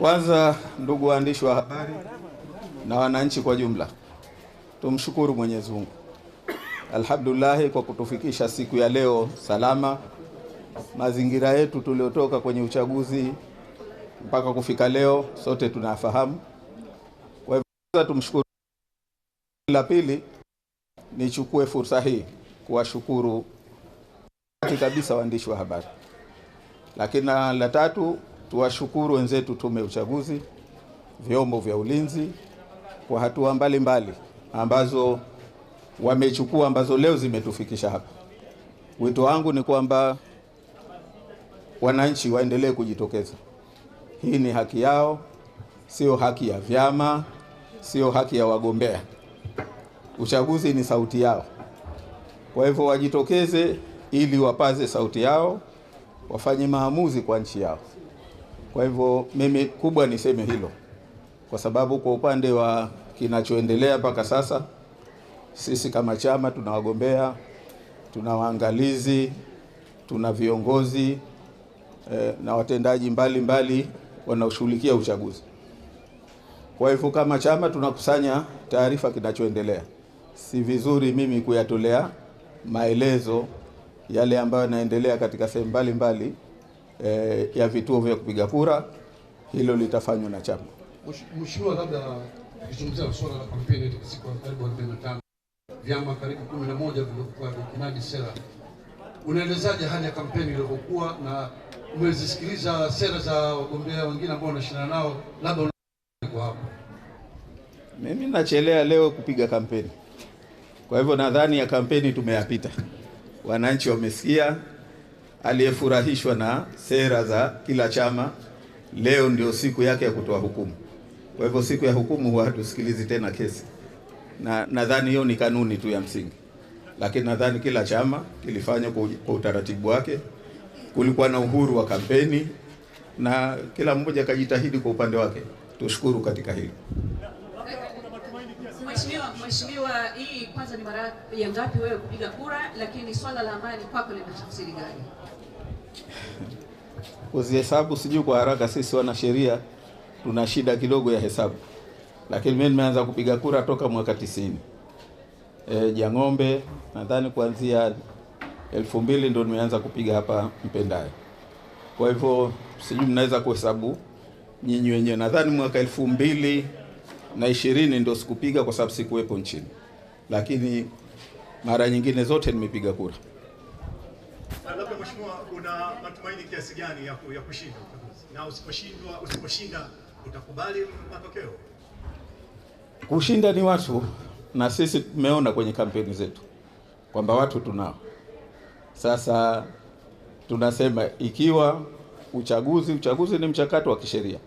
Kwanza ndugu waandishi wa habari na wananchi kwa jumla, tumshukuru Mwenyezi Mungu alhamdulillahi kwa kutufikisha siku ya leo salama. Mazingira yetu tuliotoka kwenye uchaguzi mpaka kufika leo sote tunafahamu. Kwa hivyo tumshukuru. La pili, nichukue fursa hii kuwashukuru kabisa waandishi wa habari, lakini la tatu Tuwashukuru wenzetu Tume Uchaguzi, vyombo vya ulinzi kwa hatua mbalimbali mbali ambazo wamechukua ambazo leo zimetufikisha hapa. Wito wangu ni kwamba wananchi waendelee kujitokeza. Hii ni haki yao, sio haki ya vyama, sio haki ya wagombea. Uchaguzi ni sauti yao, kwa hivyo wajitokeze ili wapaze sauti yao, wafanye maamuzi kwa nchi yao. Kwa hivyo mimi kubwa niseme hilo, kwa sababu kwa upande wa kinachoendelea mpaka sasa, sisi kama chama tuna wagombea, tuna waangalizi, tuna viongozi eh, na watendaji mbalimbali wanaoshughulikia uchaguzi. Kwa hivyo kama chama tunakusanya taarifa kinachoendelea. Si vizuri mimi kuyatolea maelezo yale ambayo yanaendelea katika sehemu mbalimbali eh, ya vituo vya kupiga kura. Hilo litafanywa na chama. Mheshimiwa, labda kuzungumzia swala la kampeni katika siku karibu 45 vyama karibu 11 vilivyokuwa vikinadi sera, unaelezaje hali ya kampeni ilivyokuwa na umezisikiliza sera za wagombea wengine ambao wanashindana nao, labda uko hapo? Mimi nachelea leo kupiga kampeni, kwa hivyo nadhani ya kampeni tumeyapita, wananchi wamesikia aliyefurahishwa na sera za kila chama, leo ndio siku yake ya kutoa hukumu. Kwa hivyo siku ya hukumu huwa hatusikilizi tena kesi, na nadhani hiyo ni kanuni tu ya msingi, lakini nadhani kila chama kilifanya kwa utaratibu wake. Kulikuwa na uhuru wa kampeni na kila mmoja akajitahidi kwa upande wake. Tushukuru katika hilo. Mheshimiwa, Mheshimiwa, hii kwanza ni mara ya ngapi wewe kupiga kura, lakini swala la amani kwako lina tafsiri gani? Kuzihesabu sijui kwa haraka, sisi wana sheria tuna shida kidogo ya hesabu, lakini mimi nimeanza kupiga kura toka mwaka tisini e, Jang'ombe nadhani kuanzia elfu mbili ndo nimeanza kupiga hapa Mpendae. Kwa hivyo sijui mnaweza kuhesabu nyinyi wenyewe, nadhani mwaka elfu mbili na ishirini ndio sikupiga kwa sababu sikuwepo nchini, lakini mara nyingine zote nimepiga kura. Labda mheshimiwa, una matumaini kiasi gani ya ya kushinda na usiposhindwa, usiposhinda utakubali matokeo? Kushinda ni watu, na sisi tumeona kwenye kampeni zetu kwamba watu tunao. Sasa tunasema ikiwa uchaguzi, uchaguzi ni mchakato wa kisheria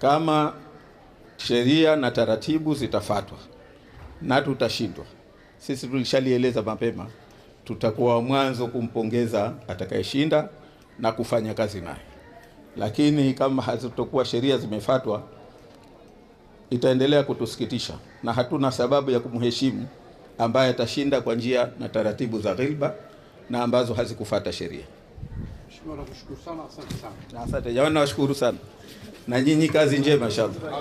kama sheria na taratibu zitafatwa na tutashindwa. Sisi tulishalieleza mapema, tutakuwa mwanzo kumpongeza atakayeshinda na kufanya kazi naye, lakini kama hazitokuwa sheria zimefatwa, itaendelea kutusikitisha na hatuna sababu ya kumheshimu ambaye atashinda kwa njia na taratibu za ghilba na ambazo hazikufata sheria. Mheshimiwa, nakushukuru sana, asante sana. Asante jamani, nawashukuru sana na nyinyi kazi njema, inshallah.